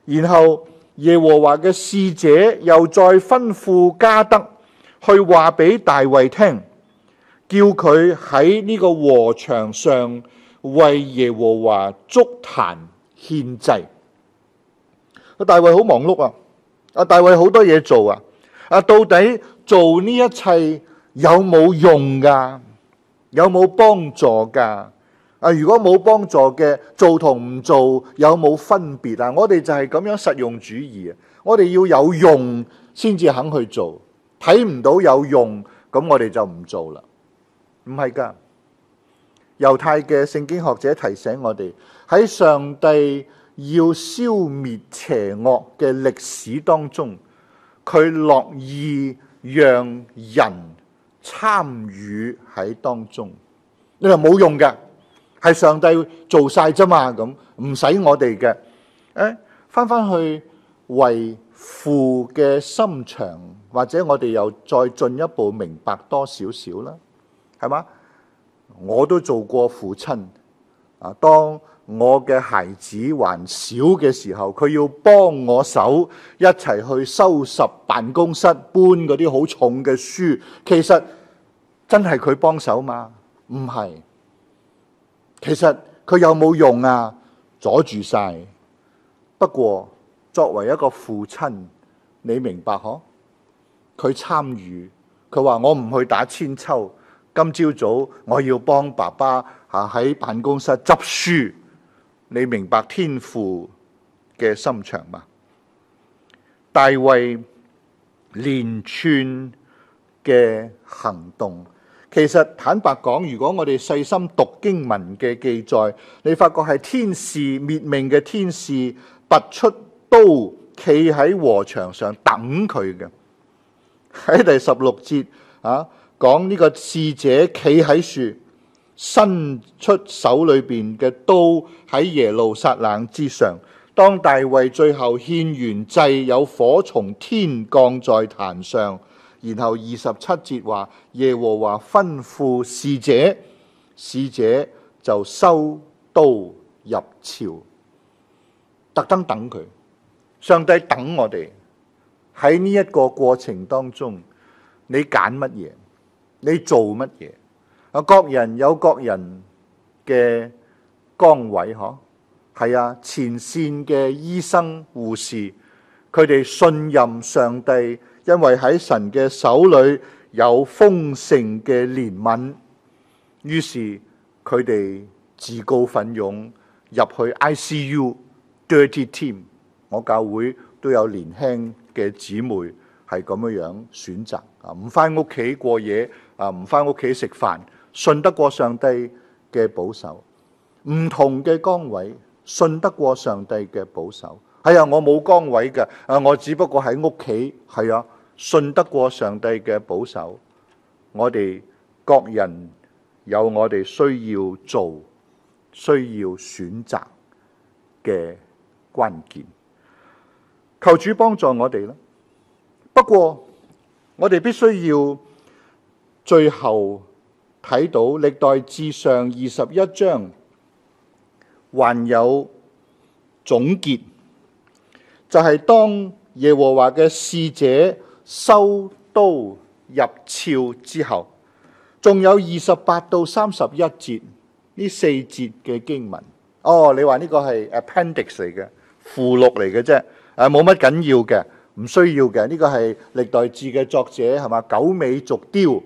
然後耶和華嘅使者又再吩咐迦得去話俾大衛聽。叫佢喺呢個和場上為耶和華築壇獻祭。阿大衛好忙碌啊，阿大衛好多嘢做啊。到底做呢一切有冇用噶、啊？有冇幫助噶？啊，如果冇幫助嘅，做同唔做有冇分別啊？我哋就係咁樣實用主義。我哋要有用先至肯去做，睇唔到有用，咁我哋就唔做啦。唔係㗎，猶太嘅聖經學者提醒我哋，喺上帝要消滅邪惡嘅歷史當中，佢樂意讓人參與喺當中。你話冇用嘅，係上帝做晒啫嘛？咁唔使我哋嘅。誒，翻翻去為父嘅心腸，或者我哋又再進一步明白多少少啦。係我都做過父親啊！當我嘅孩子還小嘅時候，佢要幫我手一齊去收拾辦公室搬嗰啲好重嘅書，其實真係佢幫手嗎？唔係，其實佢有冇用啊？阻住晒。不過作為一個父親，你明白嗬？佢參與，佢話我唔去打韆鞦。今朝早我要幫爸爸吓喺辦公室執書，你明白天父嘅心腸嗎？大衛連串嘅行動，其實坦白講，如果我哋細心讀經文嘅記載，你發覺係天使滅命嘅天使拔出刀，企喺禾場上等佢嘅。喺第十六節啊。講呢個使者企喺樹，伸出手裏邊嘅刀喺耶路撒冷之上。當大衛最後獻完祭，有火從天降在壇上。然後二十七節話：耶和華吩咐使者，使者就收刀入鞘，特登等佢。上帝等我哋喺呢一個過程當中，你揀乜嘢？你做乜嘢？啊，各人有各人嘅崗位，嗬，係啊，前線嘅醫生護士，佢哋信任上帝，因為喺神嘅手裏有豐盛嘅憐憫，於是佢哋自告奮勇入去 ICU dirty team。我教會都有年輕嘅姊妹係咁樣選擇啊，唔翻屋企過夜。啊！唔翻屋企食飯，信得過上帝嘅保守。唔同嘅崗位，信得過上帝嘅保守。係啊，我冇崗位嘅。啊，我只不過喺屋企。係啊，信得過上帝嘅保守。我哋各人有我哋需要做、需要選擇嘅關鍵。求主幫助我哋啦。不過，我哋必須要。最後睇到《歷代志》上二十一章，還有總結，就係、是、當耶和華嘅使者收刀入鞘之後，仲有二十八到三十一節呢四節嘅經文。哦，你話呢個係 appendix 嚟嘅附錄嚟嘅啫，誒冇乜緊要嘅，唔需要嘅。呢、這個係《歷代志》嘅作者係咪狗尾續貂？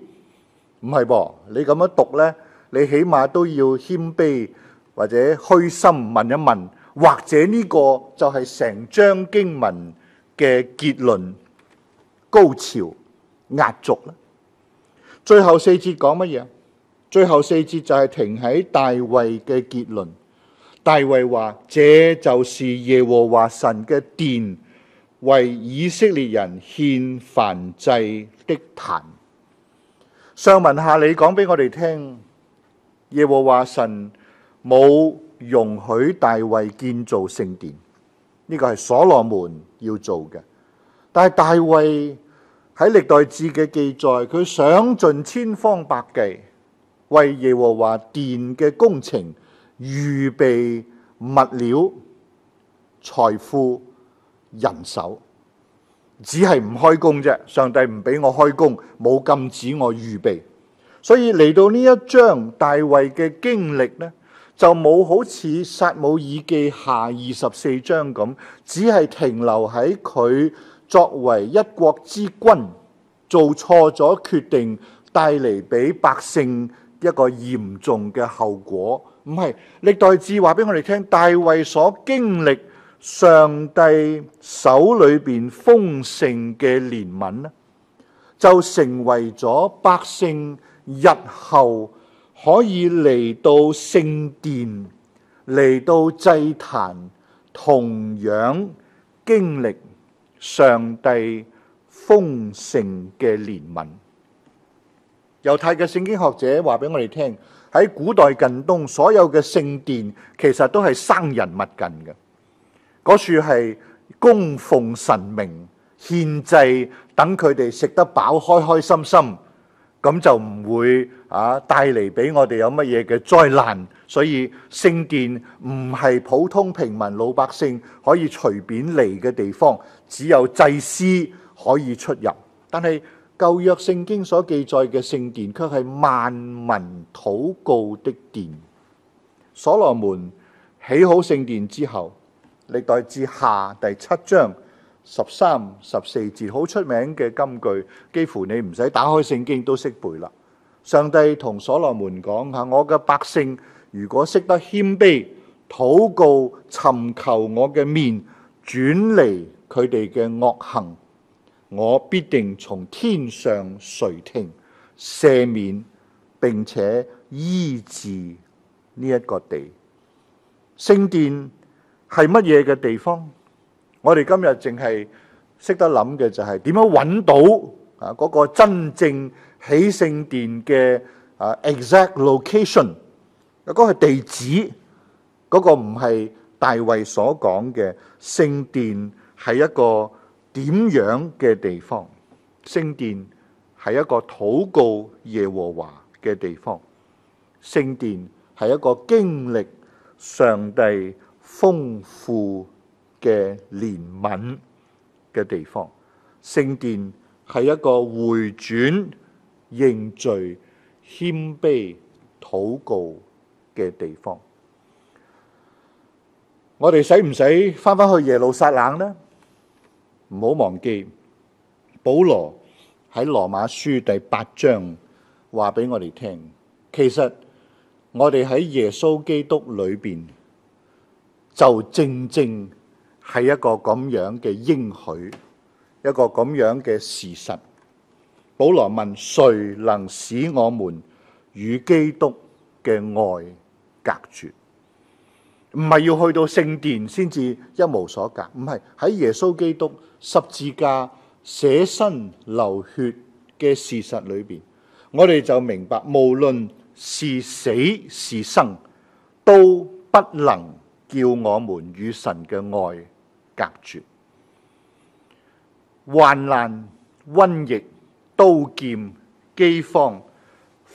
唔係噃，你咁樣讀呢，你起碼都要謙卑或者虛心問一問，或者呢個就係成章經文嘅結論高潮壓軸啦。最後四節講乜嘢？最後四節就係停喺大衛嘅結論。大衛話：「這就是耶和華神嘅殿，為以色列人獻燔祭的壇。上文下理講俾我哋聽，耶和華神冇容許大衛建造聖殿，呢、這個係所羅門要做嘅。但係大衛喺歷代志嘅記載，佢想盡千方百計為耶和華殿嘅工程預備物料、財富、人手。只係唔開工啫，上帝唔俾我開工，冇禁止我預備，所以嚟到呢一章，大衛嘅經歷呢，就冇好似撒母耳記下二十四章咁，只係停留喺佢作為一國之君做錯咗決定，帶嚟俾百姓一個嚴重嘅後果。唔係歷代志話俾我哋聽，大衛所經歷，上帝手裏邊豐盛嘅憐憫呢，就成為咗百姓日後可以嚟到聖殿，嚟到祭壇，同樣經歷上帝豐盛嘅憐憫。猶太嘅聖經學者話俾我哋聽，喺古代近東所有嘅聖殿其實都係生人勿近嘅。嗰處係供奉神明、獻祭，等佢哋食得飽、開開心心，咁就唔會啊帶嚟俾我哋有乜嘢嘅災難。所以聖殿唔係普通平民老百姓可以隨便嚟嘅地方，只有祭司可以出入。但係舊約聖經所記載嘅聖殿，卻係萬民禱告的殿。所羅門起好聖殿之後，歷代志下第七章十三十四節，好出名嘅金句，幾乎你唔使打開聖經都識背啦。上帝同所羅門講下：「我嘅百姓如果識得謙卑、禱告、尋求我嘅面，轉離佢哋嘅惡行，我必定從天上垂聽、赦免，並且醫治呢一個地。聖殿。」係乜嘢嘅地方？我哋今日淨係識得諗嘅就係點樣揾到啊，嗰個真正起聖殿嘅啊 exact location，嗰個係地址，嗰個唔係大衛所講嘅。聖殿係一個點樣嘅地方？聖殿係一個禱告耶和華嘅地方，聖殿係一個經歷上帝。豐富嘅憐憫嘅地方，聖殿係一個回轉、認罪、謙卑、禱告嘅地方。我哋使唔使翻返去耶路撒冷呢？唔好忘記，保羅喺羅馬書第八章話俾我哋聽，其實我哋喺耶穌基督裏邊。就正正係一個咁樣嘅應許，一個咁樣嘅事實。保羅問誰能使我們與基督嘅愛隔絕？唔係要去到聖殿先至一無所隔，唔係喺耶穌基督十字架捨身流血嘅事實裏邊，我哋就明白，無論是死是生，都不能。叫我們與神嘅愛隔絕，患難、瘟疫、刀劍、饑荒，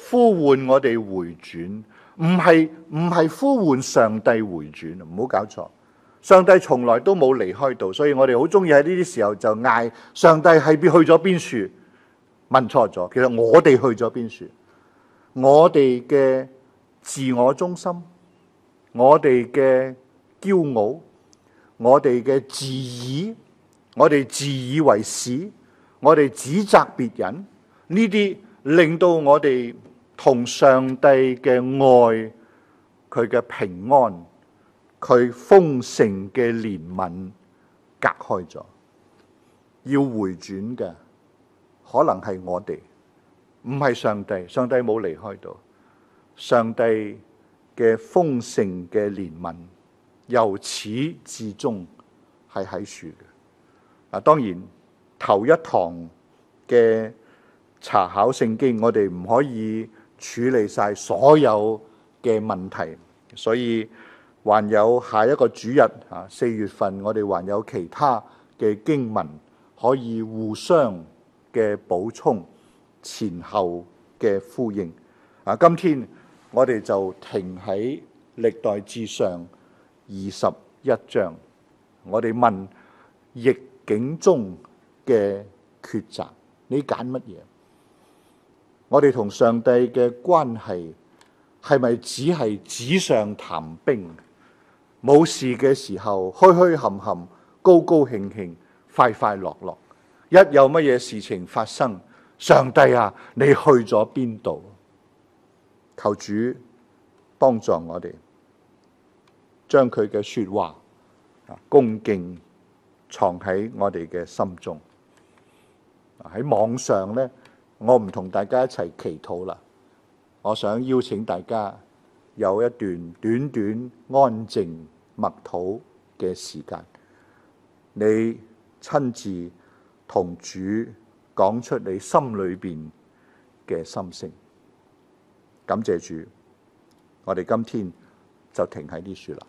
呼喚我哋回轉，唔係唔係呼喚上帝回轉啊！唔好搞錯，上帝從來都冇離開度，所以我哋好鍾意喺呢啲時候就嗌上帝係咪去咗邊處？問錯咗，其實我哋去咗邊處？我哋嘅自我中心，我哋嘅。驕傲，我哋嘅自以，我哋自以為是，我哋指責別人呢啲，令到我哋同上帝嘅愛、佢嘅平安、佢豐盛嘅憐憫隔開咗。要回轉嘅，可能係我哋，唔係上帝。上帝冇離開到，上帝嘅豐盛嘅憐憫。由始至終係喺樹嘅嗱。當然，頭一堂嘅查考聖經，我哋唔可以處理晒所有嘅問題，所以還有下一個主日啊，四月份我哋還有其他嘅經文可以互相嘅補充、前後嘅呼應啊。今天我哋就停喺歷代志上。二十一章，我哋問疫境中嘅抉擇，你揀乜嘢？我哋同上帝嘅關係係咪只係紙上談兵？冇事嘅時候，墟墟冚冚，高高興興、快快樂樂，一有乜嘢事情發生，上帝啊，你去咗邊度？求主幫助我哋。將佢嘅說話啊，恭敬藏喺我哋嘅心中。喺網上呢，我唔同大家一齊祈禱啦。我想邀請大家有一段短短安靜默禱嘅時間，你親自同主講出你心裏面嘅心聲。感謝主，我哋今天就停喺呢處啦。